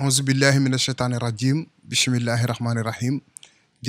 auzu billahi mina shaytaani rajim bismillahi rahmaani rahim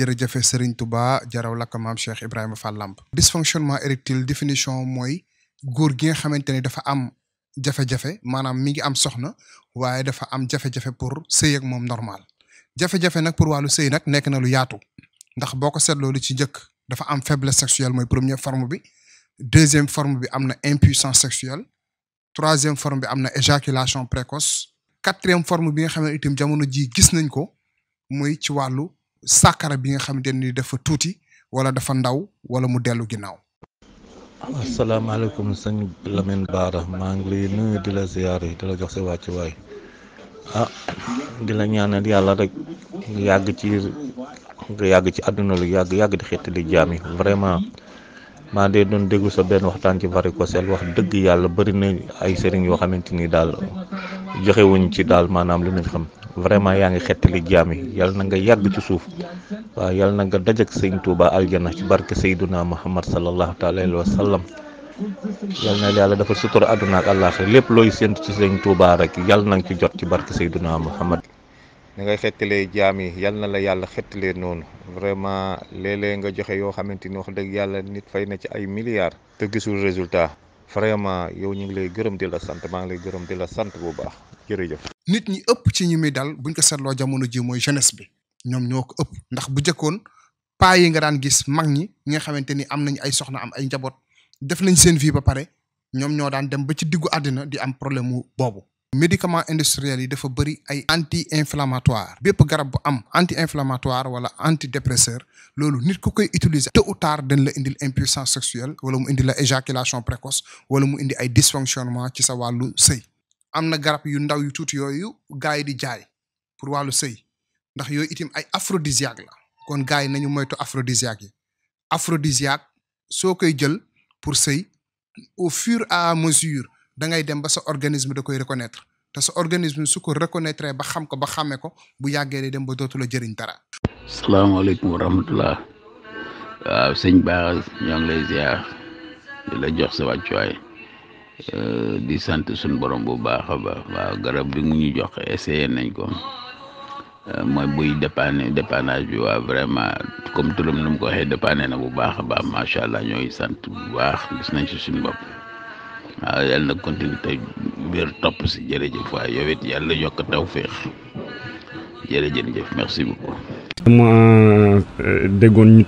jërëjëfe Serigne Touba jaraw lakk maam Cheikh Ibrahima Fall Lamp dysfonctionnement érectile définition mooy góor gi nga xamante ni dafa am jafe-jafe maanaam mi ngi am soxna waaye dafa am jafe-jafe pour sëy ak moom normal jafe-jafe nag pour wàllu sëy nag nekk na lu yaatu ndax boo ko seetloo lu ci njëkk dafa am faiblesse sexuelle mooy première forme bi deuxième forme bi am na impuissance sexuelle troisième forme bi am na éjaculation précoce quatrième forme bi nga xam ne itam jamono ji gis nañ ko muy ci wàllu sàkkara bi nga xamante nii dafa tuuti wala dafa ndaw wala mu dellu ginnaaw. asalaamaaleykum sëñ Lamine Bara maa ngi lay nuyu di la ziyaar yi di la jox sa wàccuwaay ah di la ñaanal yàlla rek nga yàgg ci yàgg ci àdduna lu yàgg yàgg di xetti di jaam vraiment maa de doon déglu sa benn waxtaan ci varicocèle wax dëgg yàlla bëri na ay sëriñ yoo xamante ni daal joxewuñ ci daal maanaam li nañ xam vraiment yaa ngi xettali jaam yi yàlla na nga yàgg ci suuf waaw yàlla na nga dajak sëñ Touba aljana ci barke sayduna muhammad sallallahu taala alayhi wa sallam yàlla na yàlla dafa sutura àdduna ak àllaaxira lépp looy séntu ci sëñ Touba rek yàlla na nga ci jot ci barke sayduna muhammad na ngay xettalee jaam yi yàlla na la yàlla xettalee noonu vraiment léeg nga joxe yoo xamante ni wax dëgg yàlla nit fay na ci ay milliards te gisul résultat vraiment yow ñu ngi lay gërëm di la sant maa ngi lay gërëm di la sant bu baax jërëjëf. nit ñi ëpp ci ñi muy dal buñ ko seetloo jamono ji mooy jeunesse bi ñoom ñoo ko ëpp ndax bu njëkkoon paa yi nga daan gis mag ñi nga xamante ni am nañu ay soxna am ay njaboot def nañ seen vie ba pare ñoom ñoo daan dem ba ci diggu àddina di am problème mu boobu médicament industriel yi dafa bëri ay anti inflammatoire bépp garab bu am anti inflammatoire wala antidépresseur loolu nit ku koy utiliser tôt ou tard dañ la indil impuissance sexuelle wala mu indi la éjaculation précoce wala mu indi ay dysfonctionnement ci sa wàllu sëy am na garab yu ndaw yu tuuti yooyu gars yi di jaay pour wàllu sëy ndax yooyu itim ay aphrodisiaque la kon gars yi nañu moytu aphrodisiaque yi aphrodisiaque soo koy jël pour sëy au fur et à mesure da ngay dem ba sa organisme da koy reconnaître te sa organisme su ko reconnaître ba xam ko ba xàmme ko bu yàggee dem ba dootu la jëriñ dara. salaamaaleykum wa rahmatulah waaw sëñ Ba ñoo lay ziar di la jox sa wàccuwaay euh, di sant suñu borom bu baax a baax waaw garab bi mu ñu jox essayé nañ ko. Euh, mooy buy dépanne dépannage bi waaw vraiment comme turam nu mu ko waxee dépanne na bu baax a baax macha allah ñooy sant bu baax gis nañ ci suñu bopp. waaw ah, yàlla na continue te wér topp si jërëjëf waaye yow it yàlla yokk taw féex jërëjëf merci beaucoup. dama euh, déggoon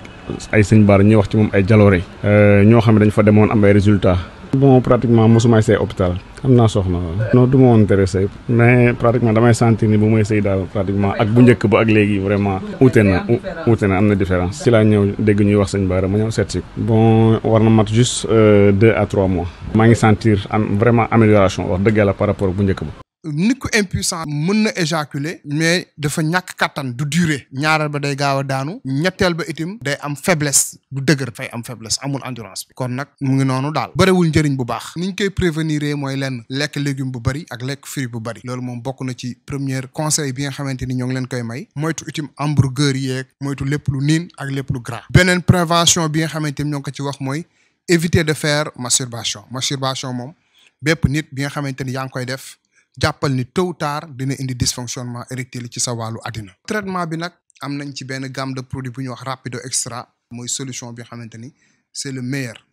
ay sëñ Bara ñuy wax ci moom ay jaloore euh, ñoo xam dañ fa demoon am ay résultats bon pratiquement mosuma sey hôpital am naa soxna non du ma woon tere sëy mais pratiquement damay sentir ni bu may sëy daal pratiquement ak bu njëkk ba ak léegi vraiment ute na uute na am na différence ci laa ñëw dégg ñuy wax sëñ Bara ma ñëw seet si bon war na mat juste euh, deux à trois mois maa ngi sentir am vraiment amélioration wax dëgg yàlla par rapport bu njëkk ba nit ku impuissant mën na éjaculer mais dafa ñàkk kattan du durer ñaareel ba day gaaw a daanu ñetteel ba itim day am faiblesse du dëgër fay am faiblesse amul endurance bi kon nag mu ngi noonu daal bëriwul njëriñ bu baax niñ koy prévenir mooy lenn lekk légume bu bari ak lekk fruit bu bari loolu moom bokk na ci première conseil bi nga xamante ni ñoo ngi leen koy may moytu itim hamburger yeeg moytu lépp lu niin ak lépp lu gras beneen prévention bi nga xamante ni ñoo ngi ko ci wax mooy éviter de faire masturbation masturbation moom bépp nit bi nga xamante ni yaa ngi koy def jàppal ni tôt ou tard dina indi dysfonctionnement érectile ci sa walu adina. traitement bi nak am nañ ci benn gamme de produits bu ñuy wax rapido extra moy solution bi xamanteni c'est le meilleur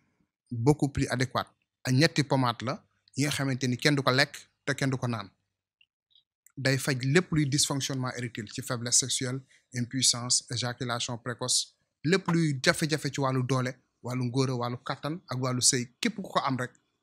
beaucoup plus adéquat a ñetti pomade la yi nga xamanteni ni kenn du ko te kenn du nan day faj lepp luy dysfonctionnement érectile ci faiblesse sexuelle impuissance éjaculation précoce lepp luy jafé jafé ci walu doole walu ngóora walu katan ak walu sey képp ku ko am rek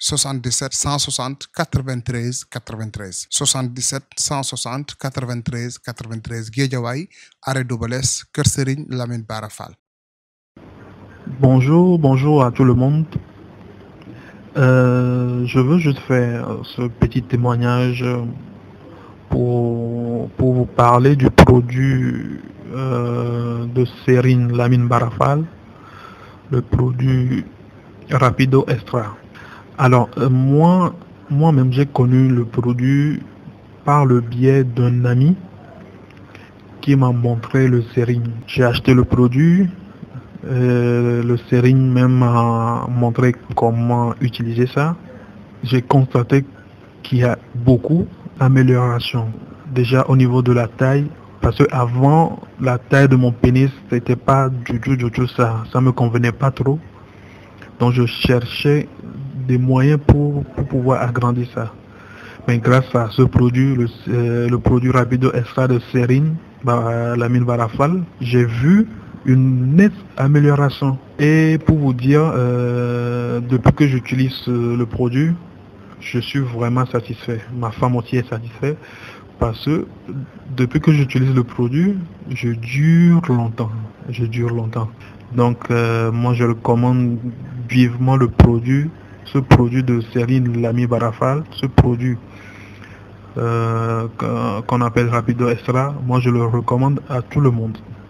77 160 93 93 77 160 93 93 Guédiawaye arrêt DoubleS Kerserine Lamine barafal Bonjour, bonjour à tout le monde. Euh, je veux juste faire euh, ce petit témoignage euh, pour, vous parler du produit de Serine Lamine Barafal, le produit Rapido Extra. Alors, euh, moi, moi-même, j'ai connu le produit par le biais d'un ami qui m'a montré le sérine J'ai acheté le produit, euh, le sérine même m'a montré comment utiliser ça. J'ai constaté qu'il y a beaucoup d'améliorations. Déjà au niveau de la taille, parce qu'avant avant la taille de mon pénis, c'était pas du tout, du tout ça. Ça me convenait pas trop. Donc je cherchais des moyens pour, pouvoir agrandir ça. Mais grâce à ce produit, le, euh, le produit Rapido Extra de Serine, bah, la mine Barafal, j'ai vu une nette amélioration. Et pour vous dire, euh, depuis que j'utilise euh, le produit, je suis vraiment satisfait. Ma femme aussi est satisfaite parce que depuis que j'utilise le produit, je dure longtemps. Je dure longtemps. Donc moi je recommande vivement le produit ce produit de Serine Lami Barafal, ce produit euh, qu'on appelle Rapido Extra, moi je le recommande à tout le monde.